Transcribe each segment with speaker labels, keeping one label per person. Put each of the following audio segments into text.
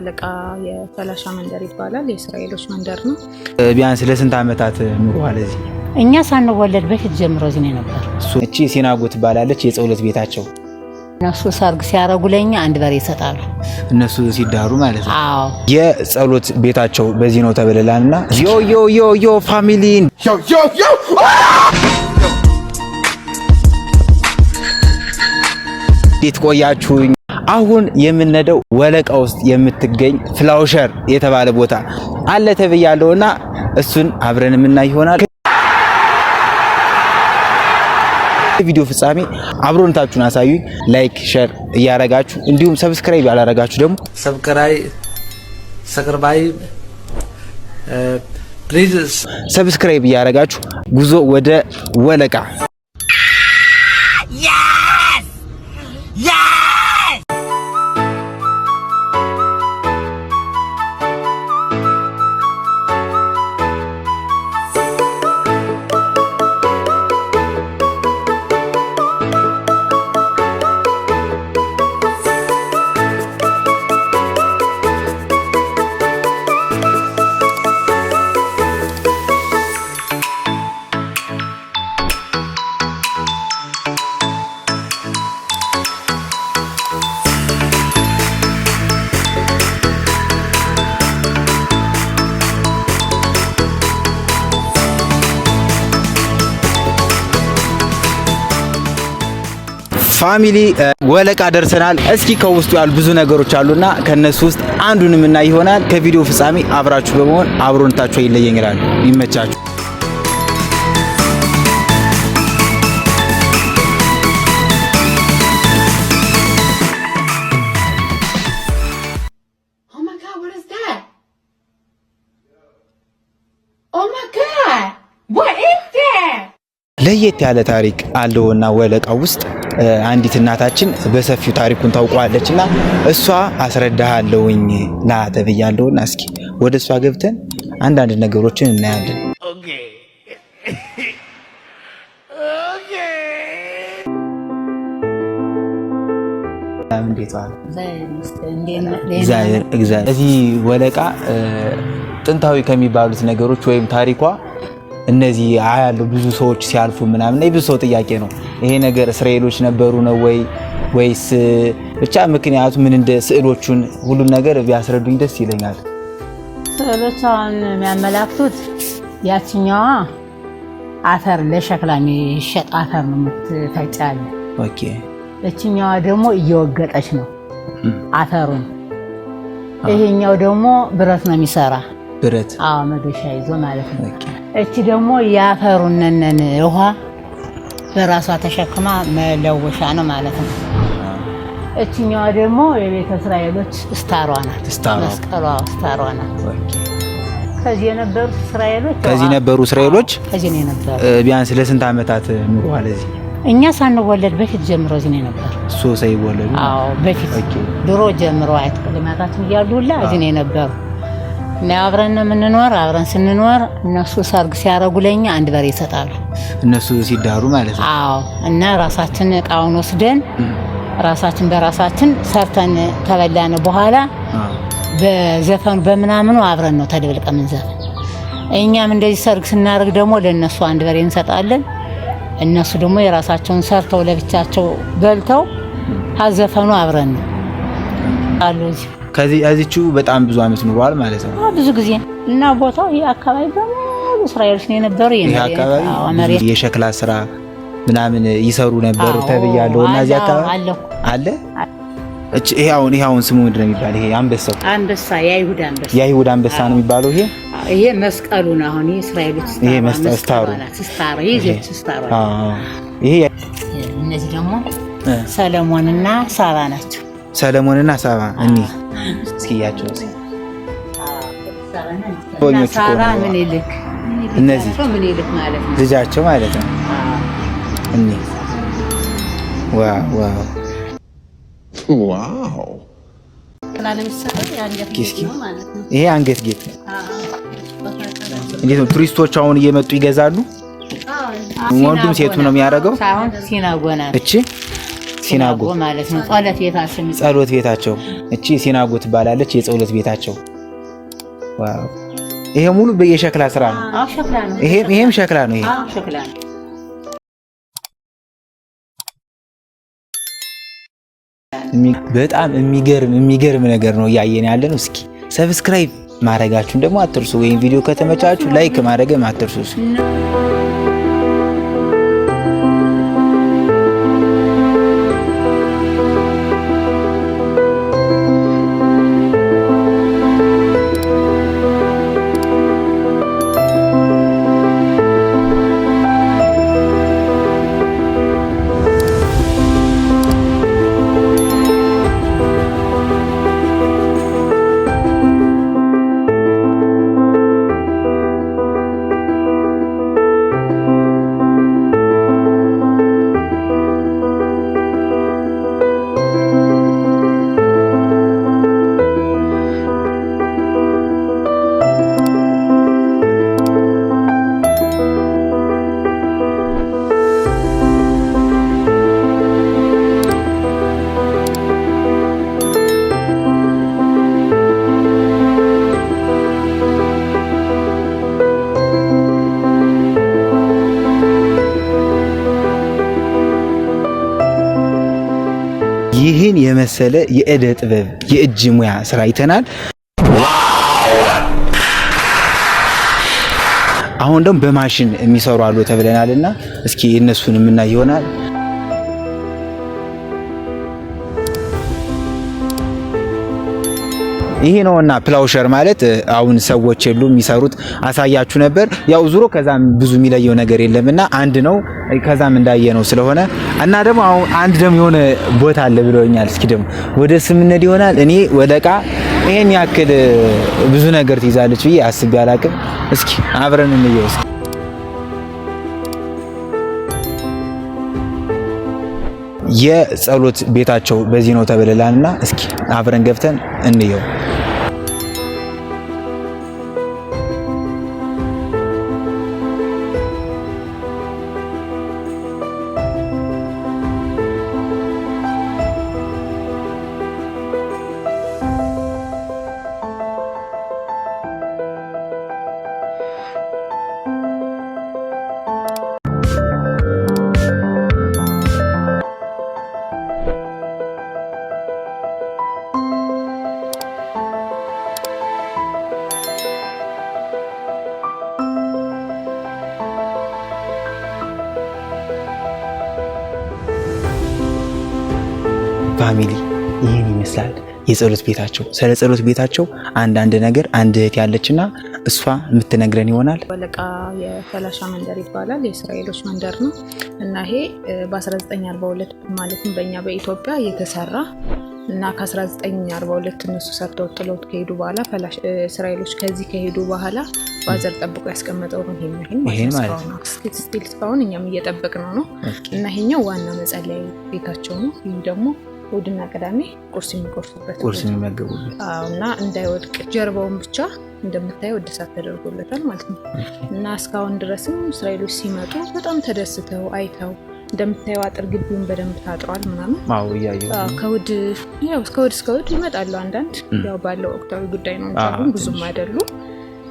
Speaker 1: አለቃ የፈላሻ መንደር ይባላል። የእስራኤሎች መንደር ነው።
Speaker 2: ቢያንስ ለስንት ዓመታት ኑሯል እዚህ?
Speaker 1: እኛ ሳንወለድ በፊት ጀምሮ እዚህ ነበር።
Speaker 2: እቺ ሲናጎ ትባላለች። የጸሎት ቤታቸው
Speaker 1: እነሱ ሰርግ ሲያረጉ ለኛ አንድ በሬ ይሰጣሉ።
Speaker 2: እነሱ ሲዳሩ ማለት ነው። የጸሎት ቤታቸው በዚህ ነው ተብለላልና ዮ ዮ ዮ ዮ ፋሚሊ እንዴት ቆያችሁኝ? አሁን የምነደው ወለቃ ውስጥ የምትገኝ ፍላውሸር የተባለ ቦታ አለ ተብያለሁና እሱን አብረን የምናይ ይሆናል። ቪዲዮ ፍጻሜ አብሮነታችሁን አሳዩኝ። ላይክ፣ ሼር እያረጋችሁ እንዲሁም ሰብስክራይብ ያላረጋችሁ ደግሞ ሰብስክራይብ ፕሊዝ ሰብስክራይብ እያረጋችሁ ጉዞ ወደ ወለቃ ፋሚሊ ወለቃ ደርሰናል። እስኪ ከውስጡ ያሉ ብዙ ነገሮች አሉና ከነሱ ውስጥ አንዱን የምናይ ይሆናል። ከቪዲዮ ፍጻሜ አብራችሁ በመሆን አብሮነታችሁ አይለየን እላለሁ። ይመቻችሁ። oh oh ለየት ያለ ታሪክ አለውና ወለቃ ውስጥ አንዲት እናታችን በሰፊው ታሪኩን ታውቀዋለች እና እሷ አስረዳሃለውኝ ና ተብያለሁና እስኪ ወደ እሷ ገብተን አንዳንድ ነገሮችን እናያለን። እዚህ ወለቃ ጥንታዊ ከሚባሉት ነገሮች ወይም ታሪኳ እነዚህ አያሉ ብዙ ሰዎች ሲያልፉ ምናምን የብዙ ሰው ጥያቄ ነው ይሄ ነገር እስራኤሎች ነበሩ ነው ወይ ወይስ ብቻ ምክንያቱ ምን እንደ ስዕሎቹን ሁሉን ነገር ቢያስረዱኝ ደስ ይለኛል።
Speaker 1: ስዕሎቿን የሚያመላክቱት ያችኛዋ አፈር ለሸክላ የሚሸጥ አፈር ነው የምትፈጫለ። እችኛዋ ደግሞ እየወገጠች ነው አፈሩን። ይሄኛው ደግሞ ብረት ነው የሚሰራ ብረት መዶሻ ይዞ ማለት ነው። እቺ ደግሞ ያፈሩነነን ውሃ በራሷ ተሸክማ መለወሻ ነው ማለት ነው። እችኛዋ ደግሞ የቤተ እስራኤሎች ስታሯ ናት፣ መስቀሏ ስታሯ ናት። ከዚህ የነበሩ እስራኤሎች
Speaker 2: ከዚህ የነበሩ እስራኤሎች
Speaker 1: ከዚህ ነው የነበሩ።
Speaker 2: ቢያንስ ለስንት ዓመታት ኑሯል
Speaker 1: እዚህ? እኛ ሳንወለድ በፊት ጀምሮ እዚህ ነው የነበሩ።
Speaker 2: እሱ ሳይወለዱ?
Speaker 1: አዎ፣ በፊት ድሮ ጀምሮ አያት ቅድማታችን እያሉ ሁላ እዚህ ነው የነበሩ። አብረን የምንኖር አብረን ስንኖር እነሱ ሰርግ ሲያረጉ ለኛ አንድ በሬ ይሰጣሉ።
Speaker 2: እነሱ ሲዳሩ ማለት ነው።
Speaker 1: አዎ። እና ራሳችን እቃውን ወስደን ራሳችን በራሳችን ሰርተን ከበላን በኋላ በዘፈኑ በምናምኑ አብረን ነው ተደብልቀ ዘፈን እኛም እንደዚህ ሰርግ ስናደርግ ደግሞ ለእነሱ አንድ በሬ እንሰጣለን። እነሱ ደግሞ የራሳቸውን ሰርተው ለብቻቸው በልተው አዘፈኑ አብረን ነው
Speaker 2: አሉ። ከዚህ እዚችው በጣም ብዙ አመት ኑሯል ማለት ነው።
Speaker 1: ብዙ ጊዜ እና ቦታው ይሄ አካባቢ በሙሉ እስራኤሎች ነው የነበሩ።
Speaker 2: ይሄ አካባቢ የሸክላ ስራ ምናምን ይሰሩ ነበር ተብያለሁ። እና እዚህ አካባቢ አለ ይሄ አሁን ይሄ አሁን ስሙ ምንድነው ነው የሚባለው? ይሄ አንበሳ
Speaker 1: አንበሳ የአይሁድ አንበሳ
Speaker 2: የአይሁድ አንበሳ ነው የሚባለው። ይሄ
Speaker 1: ይሄ መስቀሉ ነው። አሁን እስራኤሎች
Speaker 2: ይሄ መስቀሉ ስታሩ
Speaker 1: ስታሩ ይሄ ስታሩ አዎ። ይሄ እነዚህ ደግሞ ሰለሞንና ሳባ ናቸው።
Speaker 2: ሰለሞንና ሳባ እኒህ እስኪያቸው እነዚህ ልጃቸው ማለት ነው። ይሄ አንገት ጌጥ እንዴት ነው? ቱሪስቶች አሁን እየመጡ ይገዛሉ። ወንዱም ሴቱ ነው የሚያደርገው። እቺ ሲናጎ ማለት ነው። ጸሎት ቤታቸው እቺ ሲናጎ ትባላለች። የጸሎት ቤታቸው ይሄ ሙሉ በየሸክላ ስራ ነው። ይሄም ሸክላ ነው። ይሄ ሸክላ ነው። በጣም የሚገርም የሚገርም ነገር ነው እያየን ያለ ነው። እስኪ ሰብስክራይብ ማድረጋችሁን ደግሞ አትርሱ። ወይም ቪዲዮ ከተመቻችሁ ላይክ ማድረግም አትርሱ። የመሰለ የእደ ጥበብ የእጅ ሙያ ስራ አይተናል። አሁን ደግሞ በማሽን የሚሰሩ አሉ ተብለናል እና እስኪ እነሱን የምናይ ይሆናል። ይሄ ነውና ፕላውሸር ማለት አሁን ሰዎች የሉ የሚሰሩት አሳያችሁ ነበር። ያው ዙሮ ከዛም ብዙ የሚለየው ነገር የለምና አንድ ነው። ከዛም እንዳየ ነው ስለሆነ እና ደግሞ አሁን አንድ ደግሞ የሆነ ቦታ አለ ብለውኛል። እስኪ ደግሞ ወደ ስምነድ ይሆናል እኔ ወለቃ ይሄን ያክል ብዙ ነገር ትይዛለች ብዬ አስቤ አላቅም። እስኪ አብረን እንየው። እስኪ የጸሎት ቤታቸው በዚህ ነው ተብለላልና እስኪ አብረን ገብተን እንየው። ፋሚሊ ይህን ይመስላል የጸሎት ቤታቸው። ስለ ጸሎት ቤታቸው አንዳንድ ነገር አንድ እህት ያለችና እሷ የምትነግረን ይሆናል።
Speaker 1: ወለቃ የፈላሻ መንደር ይባላል። የእስራኤሎች መንደር ነው እና ይሄ በ1942 ማለትም በእኛ በኢትዮጵያ የተሰራ እና ከ1942 እነሱ ሰርተው ጥሎት ከሄዱ በኋላ እስራኤሎች ከዚህ ከሄዱ በኋላ በዘር ጠብቆ ያስቀመጠው ነው። ይሄን ስቲል እስካሁን እኛም እየጠበቅ ነው ነው እና ይሄኛው ዋና መጸለያ ቤታቸው ነው። ይህ ደግሞ እሑድና ቅዳሜ ቁርስ የሚቆርሱበት
Speaker 2: ቁርስ የሚመገቡበት
Speaker 1: እና እንዳይወድቅ ጀርባውን ብቻ እንደምታየው እድሳት ተደርጎለታል ማለት ነው እና እስካሁን ድረስም እስራኤሎች ሲመጡ በጣም ተደስተው አይተው እንደምታየው አጥር ግቢውን በደንብ ታጥሯል፣ ምናምን ከውድ ከውድ እስከ ውድ ይመጣሉ። አንዳንድ ያው ባለው ወቅታዊ ጉዳይ ነው እንጂ ብዙም አይደሉም።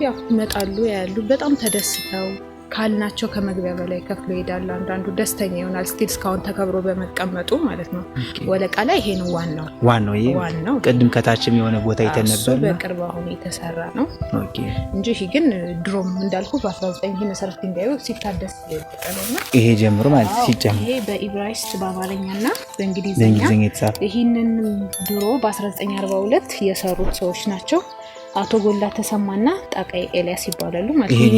Speaker 1: ያው ይመጣሉ ያሉ በጣም ተደስተው ካልናቸው ከመግቢያ በላይ ከፍሎ ይሄዳል። አንዳንዱ ደስተኛ ይሆናል ስቲል እስካሁን ተከብሮ በመቀመጡ ማለት ነው። ወለቃ ላይ ይሄ ነው ዋናው
Speaker 2: ዋናው ይሄ ዋናው። ቅድም ከታችም የሆነ ቦታ የተነበረ
Speaker 1: በቅርብ አሁን የተሰራ ነው እንጂ ይሄ ግን ድሮም እንዳልኩ በ19 ይሄ መሰረት ድንጋዩ ሲታደስ
Speaker 2: ይሄ ጀምሮ ማለት
Speaker 1: ሲጨምር ይሄ በኢብራይስጥ በአማርኛና በእንግሊዝኛ
Speaker 2: በእንግሊዝኛ የተጻፈ
Speaker 1: ይሄንን ድሮ በ1942 የሰሩት ሰዎች ናቸው። አቶ ጎላ ተሰማና ጣቃይ ኤልያስ ይባላሉ
Speaker 2: ማለት ነው።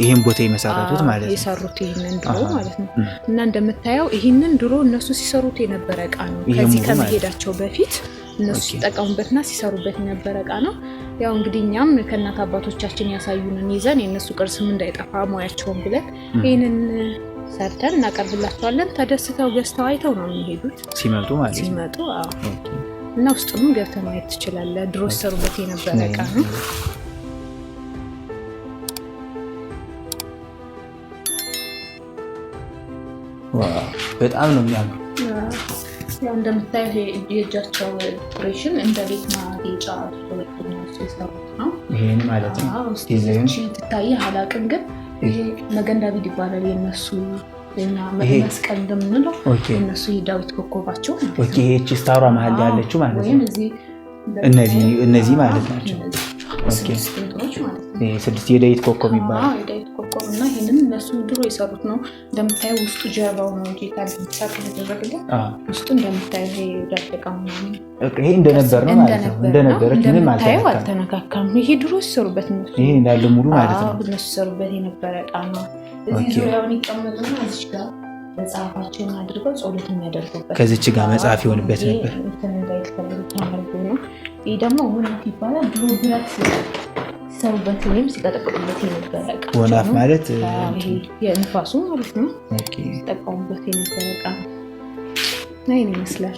Speaker 2: ይህን ቦታ የመሰረቱት ማለት ነው።
Speaker 1: የሰሩት ይህንን ድሮ ማለት ነው። እና እንደምታየው ይህንን ድሮ እነሱ ሲሰሩት የነበረ እቃ ነው። ከዚህ ከመሄዳቸው በፊት እነሱ ሲጠቀሙበትና ሲሰሩበት የነበረ እቃ ነው። ያው እንግዲህ እኛም ከእናት አባቶቻችን ያሳዩንን ይዘን የእነሱ ቅርስም እንዳይጠፋ ሙያቸውን ብለን ይህንን ሰርተን እናቀርብላቸዋለን። ተደስተው ገዝተው አይተው ነው የሚሄዱት ሲመጡ ማለት ሲመጡ እና ውስጡንም ገብተ ማየት ትችላለ። ድሮ ሰሩበት የነበረ እቃ ነው።
Speaker 2: በጣም ነው የሚያምር
Speaker 1: እንደምታየው የእጃቸው ኦፕሬሽን እንደ ቤት ማጌጫ
Speaker 2: የሰሩት ነው። ማለት ነው
Speaker 1: ትታየ አላውቅም፣ ግን መገንዳ ቢድ ይባላል የነሱ መስቀል እንደምንለው እነሱ የዳዊት ኮከባቸው
Speaker 2: ይህቺ ስታሯ መሀል ያለችው ማለት ነው። እነዚህ ማለት ናቸው ስድስት የዳዊት ኮከብ ይባላል።
Speaker 1: እና እነሱ ድሮ የሰሩት ነው። እንደምታየው ውስጡ ጀርባው ነው ውስጡ እንደምታየው ይሄ
Speaker 2: እንደነበር ነው ማለት ነው። እንደነበረች
Speaker 1: ምንም አልተነካካም። ይሄ ድሮ ሲሰሩበት
Speaker 2: ይሄ እንዳለ ሙሉ ማለት ነው።
Speaker 1: እነሱ ሲሰሩበት የነበረ ዕቃ ነው። መጽሐፋቸውን አድርገው ጸሎት የሚያደርጉበት
Speaker 2: ከዚች ጋር መጽሐፍ የሆንበት ነበር።
Speaker 1: ይህ ደግሞ ወናፍ ይባላል። ድሮ ብረት ሲሰሩበት ወይም ሲቀጠቅጡበት የነበረ
Speaker 2: ወናፍ ማለት
Speaker 1: የንፋሱ ማለት ነው። ሲጠቀሙበት የነበረ ይህን ይመስላል።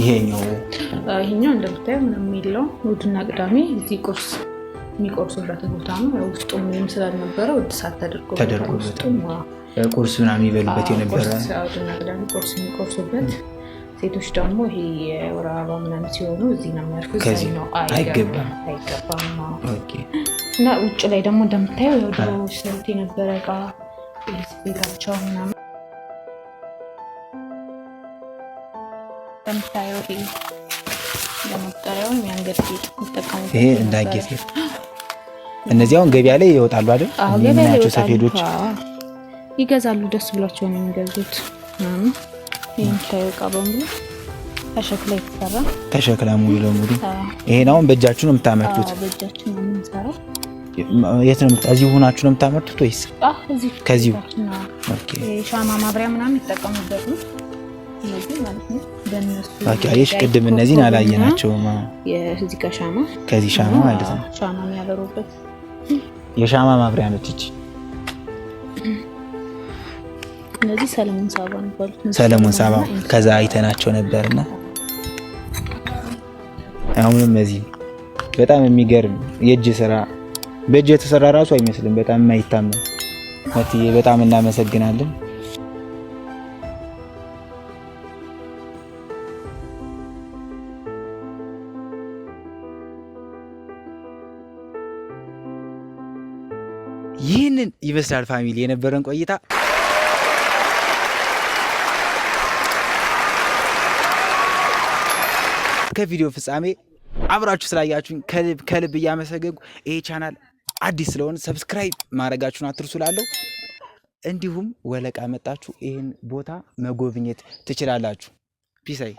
Speaker 1: ይሄኛው ይሄኛው እንደምታየው ምንም የለውም። እሑድና ቅዳሜ እዚህ ቁርስ የሚቆርሱበት ቦታ ነው። ውስጡ ምንም ስላልነበረ እድሳት ተደርጎ
Speaker 2: ተደርጎበት ቁርስ ምናምን ይበሉበት የነበረ
Speaker 1: እሑድና ቅዳሜ ቁርስ የሚቆርሱበት ሴቶች ደግሞ ይሄ የወር አበባ ምናምን ሲሆኑ እዚህ ነው የሚያርፉ። ከዚህ ነው አይገባም አይገባም። እና ውጭ ላይ ደግሞ እንደምታየው ድሮ ሲሰሩት የነበረ እቃ ቤታቸው ምናምን በምታየው ይሄ ለመቁጠሪያው ጌጥ
Speaker 2: ይሄ እንዳጌጥ እነዚህ አሁን ገበያ ላይ ይወጣሉ አይደል? ሰፌዶች
Speaker 1: ይገዛሉ። ደስ ብሏቸው ነው የሚገዙት። የምታየው እቃ በሙሉ ከሸክላ
Speaker 2: የተሰራ ሙሉ ለሙሉ። ይሄን አሁን በእጃችሁ ነው የምታመርቱት?
Speaker 1: ነው የምንሰራው።
Speaker 2: የት ነው እዚሁ ሆናችሁ ነው የምታመርቱት ወይስ ከዚሁ?
Speaker 1: ሻማ ማብሪያ ምናምን ይጠቀሙበት ነው
Speaker 2: አቃሪሽ ቅድም እነዚህን አላየናቸውም።
Speaker 1: የዚህ ከሻማ
Speaker 2: ከዚህ ሻማ ማለት ነው።
Speaker 1: ሻማ የሚያበሩበት
Speaker 2: የሻማ ማብሪያ ነች እቺ።
Speaker 1: እነዚህ ሰለሞን ሳባ ነው።
Speaker 2: ሰለሞን ሳባ ከዛ አይተናቸው ነበርና አሁንም እዚህ በጣም የሚገርም የእጅ ስራ በእጅ የተሰራ ራሱ አይመስልም። በጣም የማይታመን በጣም እናመሰግናለን። ይህንን ይመስላል ፋሚሊ የነበረን ቆይታ። ከቪዲዮ ፍጻሜ አብራችሁ ስላያችሁኝ ከልብ ከልብ እያመሰገንኩ ይሄ ቻናል አዲስ ስለሆነ ሰብስክራይብ ማድረጋችሁን አትርሱ እላለሁ። እንዲሁም ወለቃ መጣችሁ ይህን ቦታ መጎብኘት ትችላላችሁ። ፒሳይ